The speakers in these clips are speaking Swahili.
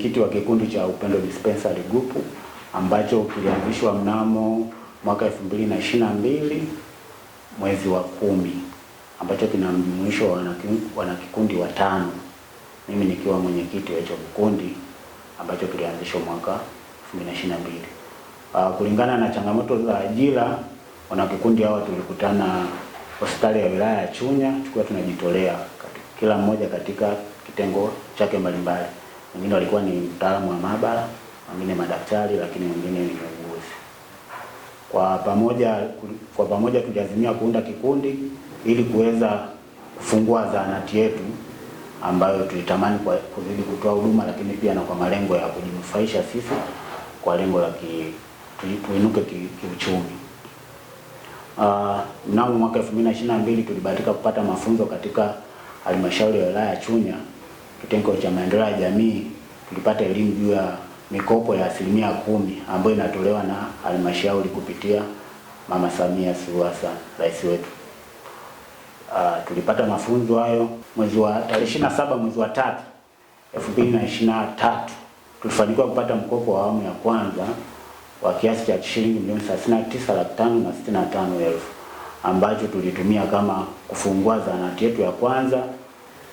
mwenyekiti wa kikundi cha Upendo Dispensary Group ambacho kilianzishwa mnamo mwaka 2022 mwezi wa kumi, ambacho kinamjumuisha wanakikundi watano, mimi nikiwa mwenyekiti wa hicho kikundi ambacho kilianzishwa mwaka 2022. Uh, ah, kulingana na changamoto za ajira, wanakikundi hawa tulikutana hospitali ya wilaya ya Chunya, tukiwa tunajitolea kila mmoja katika kitengo chake mbalimbali wengine walikuwa ni mtaalamu wa maabara, wengine madaktari, lakini wengine ni wauguzi. Kwa pamoja, kwa pamoja tuliazimia kuunda kikundi ili kuweza kufungua zahanati yetu ambayo tulitamani kwa kuzidi kutoa huduma, lakini pia na kwa malengo ya kujinufaisha sisi, kwa lengo la tuinuke kiuchumi. Uh, mnamo mwaka 2022 tulibahatika kupata mafunzo katika halmashauri ya wilaya ya Chunya kitengo cha maendeleo ya jamii tulipata elimu juu ya mikopo ya asilimia kumi ambayo inatolewa na halmashauri kupitia Mama Samia Suluhu Hassan, rais wetu. Uh, tulipata mafunzo hayo mwezi wa tarehe 27 mwezi wa tatu 2023 tulifanikiwa kupata mkopo wa awamu ya kwanza wa kiasi cha shilingi milioni 39,565,000 ambacho tulitumia kama kufungua zahanati yetu ya kwanza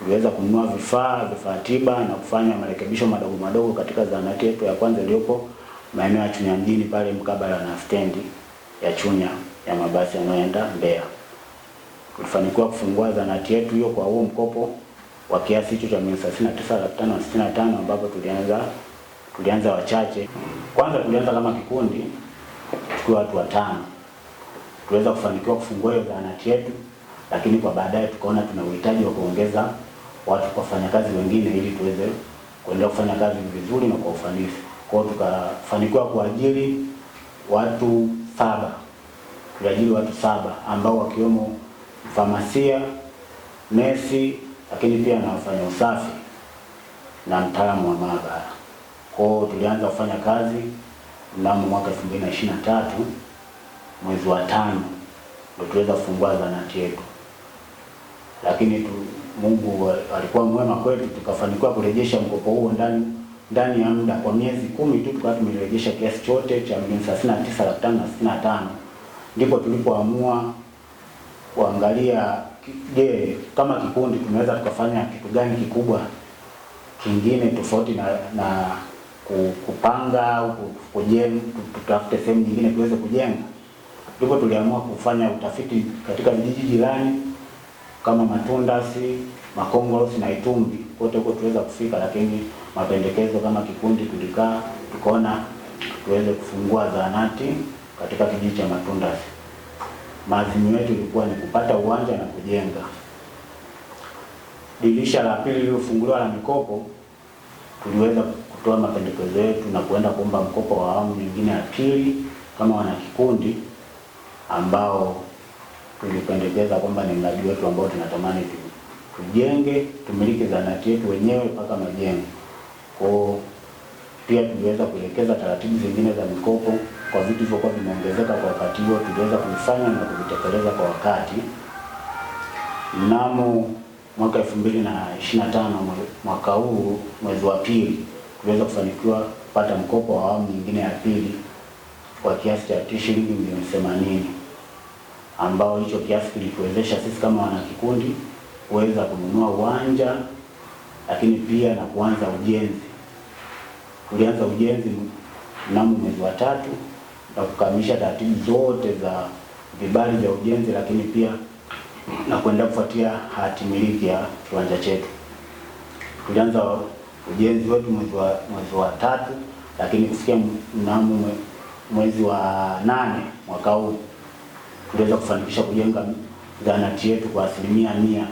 tuliweza kununua vifaa vifaa tiba na kufanya marekebisho madogo madogo katika zahanati yetu ya kwanza iliyopo maeneo ya Chunya mjini pale mkabala na stendi ya Chunya ya mabasi yanayoenda Mbeya. Tulifanikiwa kufungua zahanati yetu hiyo kwa huo mkopo wa kiasi hicho cha milioni 39,565 ambapo tulianza tulianza wachache. Kwanza tulianza kama kikundi tukiwa watu watano. Tuliweza kufanikiwa kufungua hiyo zahanati yetu, lakini kwa baadaye tukaona tuna uhitaji wa kuongeza watu wafanyakazi wengine ili tuweze kuendelea kufanya kazi vizuri na kwa ufanisi. Kwa hiyo tukafanikiwa kuajiri watu saba, tuliajiri watu saba ambao wakiwemo famasia nesi, lakini pia na wafanya usafi na mtaalamu wa maabara. Kwa hiyo tulianza kufanya kazi mnamo mwaka 2023 mwezi wa tano ndio tuliweza kufungua zahanati yetu, lakini tu Mungu alikuwa mwema kwetu, tukafanikiwa kurejesha mkopo huo ndani ndani ya muda, kwa miezi kumi tu tukawa tumerejesha kiasi chote cha milioni thelathini na tisa laki tano na sitini na tano. Ndipo tulipoamua kuangalia, je, kama kikundi tunaweza tukafanya kitu gani kikubwa kingine tofauti na, na kupanga au kujenga, tutafute sehemu nyingine tuweze kujenga. Ndipo tuliamua kufanya utafiti katika vijiji jirani kama Matundasi, Makongorosi na Itumbi, kote huko tuweza kufika, lakini mapendekezo kama kikundi tulikaa tukaona tuweze kufungua zahanati katika kijiji cha Matundasi. Maazimio yetu ilikuwa ni kupata uwanja na kujenga. Dirisha la pili lililofunguliwa la mikopo, tuliweza kutoa mapendekezo yetu na kuenda kuomba mkopo wa awamu nyingine ya pili kama wanakikundi ambao tulipendekeza kwamba ni mradi wetu ambao tunatamani tujenge, tumiliki zahanati yetu wenyewe mpaka majengo. Kwa pia tuliweza kuelekeza taratibu zingine za mikopo kwa vitu vilivyokuwa vimeongezeka kwa wakati huo, tuliweza kufanya na kuvitekeleza kwa wakati. Mnamo mwaka 2025 mwaka huu mwezi wa pili tuliweza kufanikiwa kupata mkopo wa awamu nyingine ya pili kwa kiasi cha shilingi milioni 80 ambao hicho kiasi kilituwezesha sisi kama wanakikundi kuweza kununua uwanja, lakini pia na kuanza ujenzi. Tulianza ujenzi mnamo mwezi wa tatu na kukamilisha taratibu zote za vibali vya ujenzi, lakini pia na kwenda kufuatia hati miliki ya kiwanja chetu. Tulianza ujenzi wetu mwezi wa mwezi wa tatu, lakini kufikia mnamo mwezi wa nane mwaka huu tuliweza kufanikisha kujenga zahanati yetu kwa asilimia mia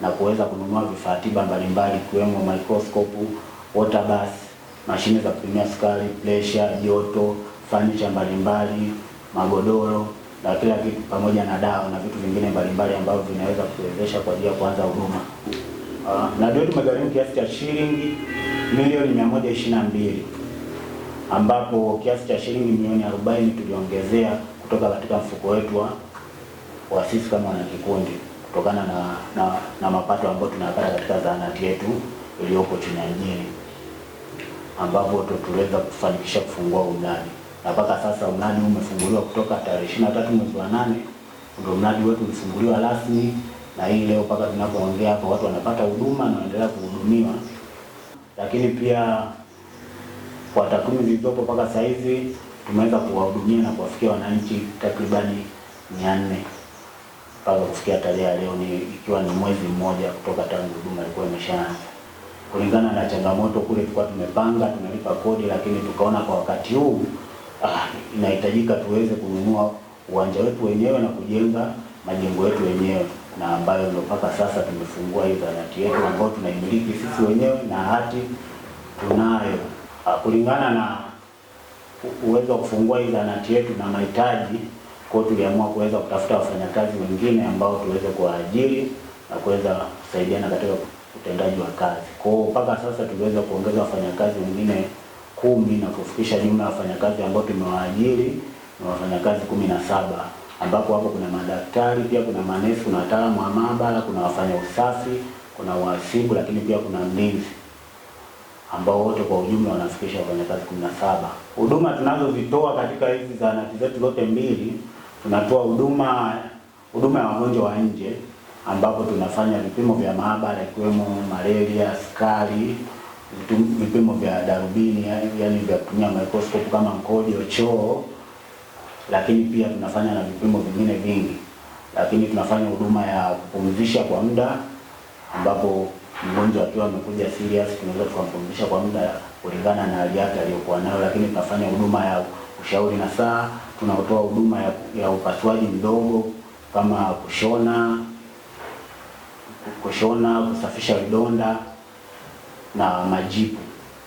na kuweza kununua vifaa tiba mbalimbali ikiwemo microscope, water bath, mashine za kupimia sukari, pressure, joto, furniture mbalimbali, magodoro na kila kitu pamoja na dawa na vitu vingine mbalimbali ambavyo vinaweza kuwezesha kwa ajili ya kuanza huduma. Uh, na ndio tumegharimu kiasi cha shilingi milioni 122 ambapo kiasi cha shilingi milioni 40 tuliongezea kutoka katika mfuko wetu wa, wa sisi kama wanakikundi kutokana na, na, na mapato ambayo tunapata katika zahanati yetu iliyoko Chunyamjini ambapo tuliweza kufanikisha kufungua mradi na mpaka sasa mradi umefunguliwa kutoka tarehe ishirini na tatu mwezi wa nane ndio mradi wetu ulifunguliwa rasmi, na hii leo mpaka tunapoongea hapa watu wanapata huduma na wanaendelea kuhudumiwa. Lakini pia kwa takwimu zilizopo mpaka sasa hivi tumeweza kuwahudumia na kuwafikia wananchi takribani mia nne mpaka kufikia tarehe ya leo, ni ikiwa ni mwezi mmoja kutoka tangu huduma ilikuwa imeshaanza. Kulingana na changamoto kule, tulikuwa tumepanga tunalipa kodi, lakini tukaona kwa wakati huu ah, inahitajika tuweze kununua uwanja wetu wenyewe na kujenga majengo yetu wenyewe, na ambayo ndio mpaka sasa tumefungua hiyo zahanati yetu ambayo tunaimiliki sisi wenyewe na hati tunayo. Ah, kulingana na uwezo wa kufungua hii zahanati yetu na mahitaji, kwa hiyo tuliamua kuweza kutafuta wafanyakazi wengine ambao tuweze kuwaajiri na kuweza kusaidiana katika utendaji wa kazi. Kwa hiyo mpaka sasa tuliweza kuongeza wafanyakazi wengine kumi na kufikisha jumla ya wafanyakazi ambao tumewaajiri na wafanyakazi kumi na saba ambapo hapo kuna madaktari pia kuna manesi, kuna wataalamu wa maabara, kuna wafanya usafi, kuna wasibu, lakini pia kuna mlinzi ambao wote kwa ujumla wanafikisha wafanyakazi 17. Huduma tunazozitoa katika hizi zahanati zetu zote mbili, tunatoa huduma huduma ya wagonjwa wa nje ambapo tunafanya vipimo vya maabara ikiwemo malaria, sukari, vipimo vya darubini, yaani vya kutumia microscope kama mkojo, choo, lakini pia tunafanya na vipimo vingine vingi, lakini tunafanya huduma ya kupumzisha kwa muda ambapo mgonjwa akiwa amekuja serious, tunaweza tukampumzisha kwa muda kulingana na hali yake aliyokuwa nayo, lakini tunafanya huduma ya ushauri na saa tunatoa huduma ya, ya upasuaji mdogo kama kushona kushona, kusafisha vidonda na majipu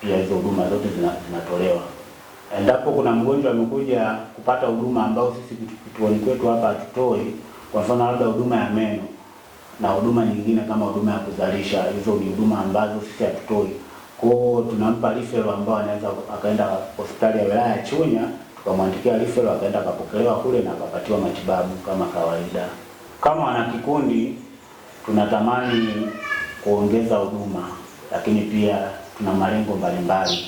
pia. Hizo huduma zote zinatolewa. Endapo kuna mgonjwa amekuja kupata huduma ambayo sisi kituoni kwetu hapa hatutoi, kwa mfano labda huduma ya meno na huduma nyingine kama huduma ya kuzalisha. Hizo ni huduma ambazo sisi hatutoi. Kwa hiyo tunampa referral ambao anaweza akaenda hospitali ya wilaya ya Chunya tukamwandikia referral akaenda akapokelewa kule na akapatiwa matibabu kama kawaida. Kama wanakikundi tunatamani kuongeza huduma, lakini pia tuna malengo mbalimbali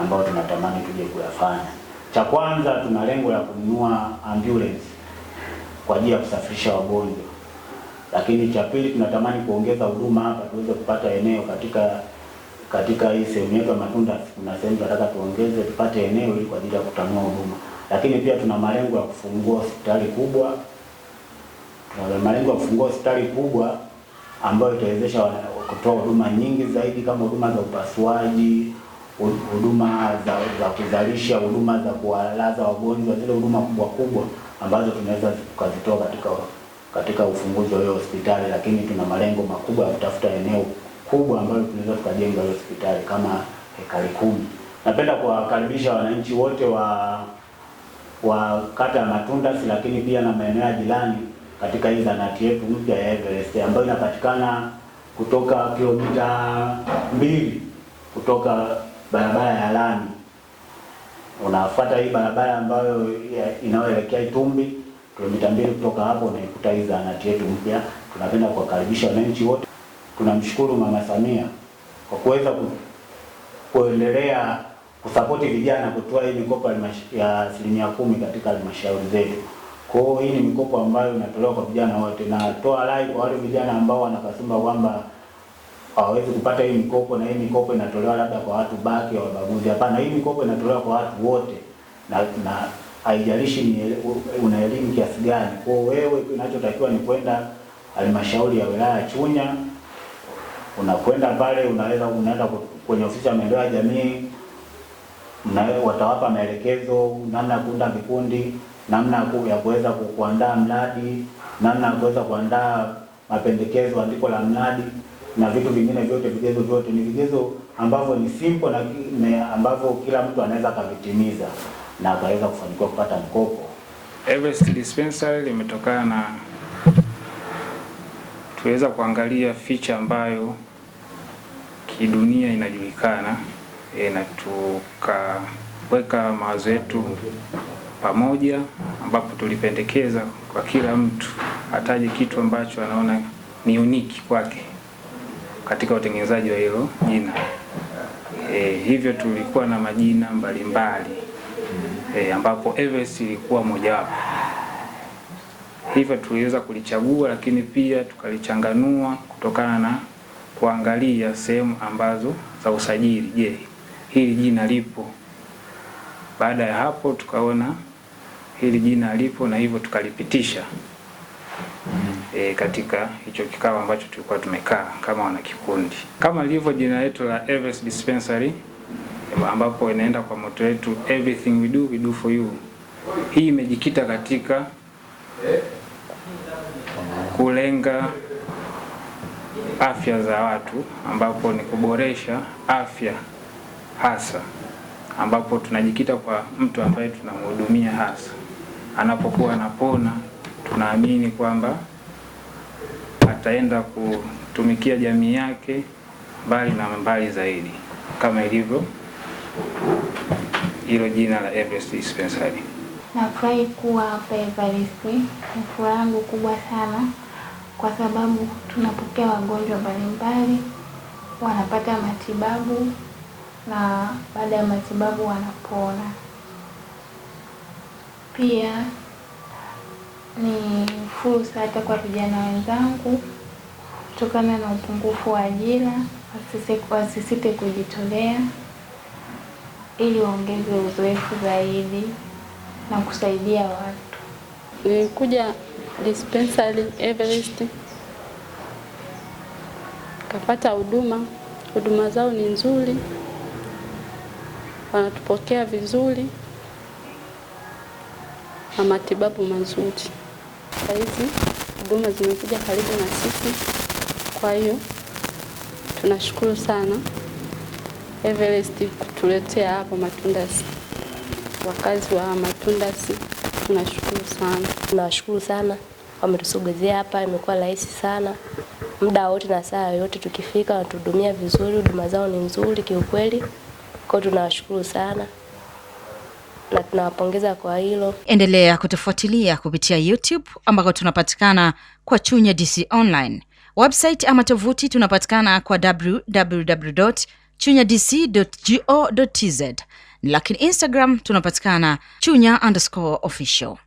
ambayo tunatamani tuje kuyafanya. Cha kwanza, tuna lengo la kununua ambulance kwa ajili ya kusafirisha wagonjwa lakini cha pili, tunatamani kuongeza huduma hapa, tuweze kupata eneo katika katika hii sehemu yetu ya Matunda. Kuna sehemu tunataka tuongeze, tupate eneo ili kwa ajili ya kutanua huduma, lakini pia tuna malengo ya kufungua hospitali kubwa. Tuna malengo ya kufungua hospitali kubwa ambayo itawezesha kutoa huduma nyingi zaidi kama huduma za upasuaji, huduma za, za kuzalisha, huduma za kuwalaza wagonjwa, zile huduma kubwa kubwa ambazo tunaweza tukazitoa katika katika ufunguzi wa hiyo hospitali, lakini tuna malengo makubwa ya kutafuta eneo kubwa ambalo tunaweza tukajenga hiyo hospitali kama hekari kumi. Napenda kuwakaribisha wananchi wote wa wa kata ya matunda lakini pia na maeneo ya jirani katika hii zahanati yetu mpya ya Everest ambayo inapatikana kutoka kilomita mbili kutoka barabara ya lami, unafuata hii barabara ambayo inayoelekea Itumbi kilomita mbili kutoka hapo unaikuta hii zahanati yetu mpya. Tunapenda kuwakaribisha wananchi wote. Tunamshukuru Mama Samia kwa kuweza kuendelea kusapoti vijana kutoa hii mikopo ya asilimia kumi katika halmashauri zetu. Kwa hiyo hii ni mikopo ambayo inatolewa kwa vijana wote, na toa rai kwa wale vijana ambao wanakasumba kwamba hawawezi kupata hii mikopo na hii mikopo inatolewa labda kwa watu baki au wabaguzi. Hapana, hii mikopo inatolewa kwa watu wote na, na haijalishi ni una elimu kiasi gani. Kwa wewe kinachotakiwa ni kwenda halmashauri ya wilaya ya Chunya, unakwenda pale, unaweza unaenda kwenye ofisi ya maendeleo ya jamii, watawapa maelekezo namna ya kuunda vikundi, namna ya kuweza kuandaa mradi, namna ya kuweza kuandaa mapendekezo, andiko la mradi na vitu vingine vyote. Vigezo vyote ni vigezo ambavyo ni simple na ambavyo kila mtu anaweza akavitimiza na akaweza kufanikiwa kupata mkopo. Everest Dispensary limetokana na tuweza kuangalia ficha ambayo kidunia inajulikana e, na tukaweka mawazo yetu pamoja, ambapo tulipendekeza kwa kila mtu ataje kitu ambacho anaona ni uniki kwake katika utengenezaji wa hilo jina. E, hivyo tulikuwa na majina mbalimbali mbali e, ambapo Everest ilikuwa mojawapo. Hivyo tuliweza kulichagua, lakini pia tukalichanganua kutokana na kuangalia sehemu ambazo za usajili. Je, hili jina lipo? Baada ya hapo tukaona hili jina lipo na hivyo tukalipitisha e, katika hicho kikao ambacho tulikuwa tumekaa kama wanakikundi. Kama lilivyo jina letu la Everest Dispensary ambapo inaenda kwa moto wetu, everything we do we do for you. Hii imejikita katika kulenga afya za watu, ambapo ni kuboresha afya hasa, ambapo tunajikita kwa mtu ambaye tunamhudumia hasa, anapokuwa anapona, tunaamini kwamba ataenda kutumikia jamii yake mbali na mbali zaidi kama ilivyo hilo jina la Everest Dispensary. Nafurahi kuwa hapa Everest. Ni furaha yangu kubwa sana kwa sababu tunapokea wagonjwa mbalimbali, wanapata matibabu na baada ya matibabu wanapona. Pia ni fursa hata kwa vijana wenzangu kutokana na upungufu wa ajira, wasisite kujitolea ili waongeze uzoefu zaidi na kusaidia watu. Nilikuja dispensary Everest kapata huduma, huduma zao ni nzuri, wanatupokea vizuri na matibabu mazuri. sahizi huduma zimekuja karibu na sisi, kwa hiyo tunashukuru sana. Everest kutuletea hapo matundasi. Wakazi wa matundasi tunashukuru sana, tunawashukuru sana, wametusogezea hapa, imekuwa rahisi sana muda wote na saa yoyote tukifika wanatuhudumia vizuri. Huduma zao ni nzuri kiukweli, kwao tunawashukuru sana na tunawapongeza kwa hilo. Endelea kutufuatilia kupitia YouTube ambako tunapatikana kwa Chunya DC Online website ama tovuti tunapatikana kwa www chunya dc.go.tz, lakini Instagram tunapatikana chunya underscore official.